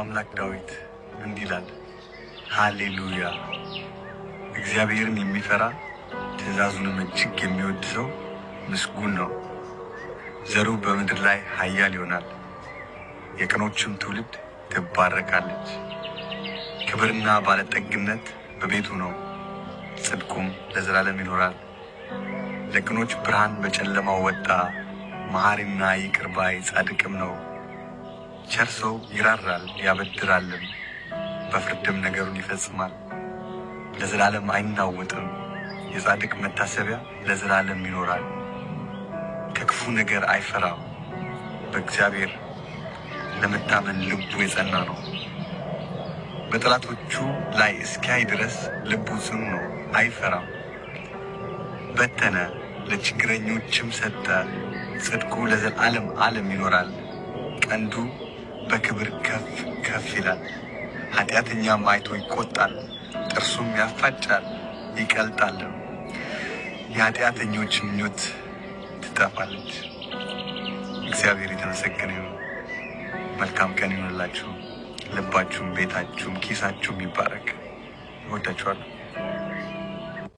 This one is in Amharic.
አምላክ ዳዊት እንዲህ ይላል፣ ሃሌሉያ እግዚአብሔርን የሚፈራ ትእዛዙንም እጅግ የሚወድ ሰው ምስጉን ነው። ዘሩ በምድር ላይ ኃያል ይሆናል፣ የቅኖችም ትውልድ ትባረካለች። ክብርና ባለጠግነት በቤቱ ነው፣ ጽድቁም ለዘላለም ይኖራል። ለቅኖች ብርሃን በጨለማው ወጣ፣ መሐሪና ይቅር ባይ ጻድቅም ነው። ቸር ሰው ይራራል ያበድራልም፣ በፍርድም ነገሩን ይፈጽማል። ለዘላለም አይናወጥም። የጻድቅ መታሰቢያ ለዘላለም ይኖራል። ከክፉ ነገር አይፈራም። በእግዚአብሔር ለመታመን ልቡ የጸና ነው። በጠላቶቹ ላይ እስኪያይ ድረስ ልቡ ጽኑ ነው፣ አይፈራም። በተነ ለችግረኞችም ሰጠ። ጽድቁ ለዘላለም ዓለም ይኖራል። ቀንዱ በክብር ከፍ ከፍ ይላል። ኃጢአተኛም አይቶ ይቆጣል፣ ጥርሱም ያፋጫል ይቀልጣል። የኃጢአተኞች ምኞት ትጠፋለች። እግዚአብሔር የተመሰገነ ይሁን። መልካም ቀን ይሆንላችሁ። ልባችሁም፣ ቤታችሁም፣ ኪሳችሁም ይባረክ። እወዳችኋለሁ።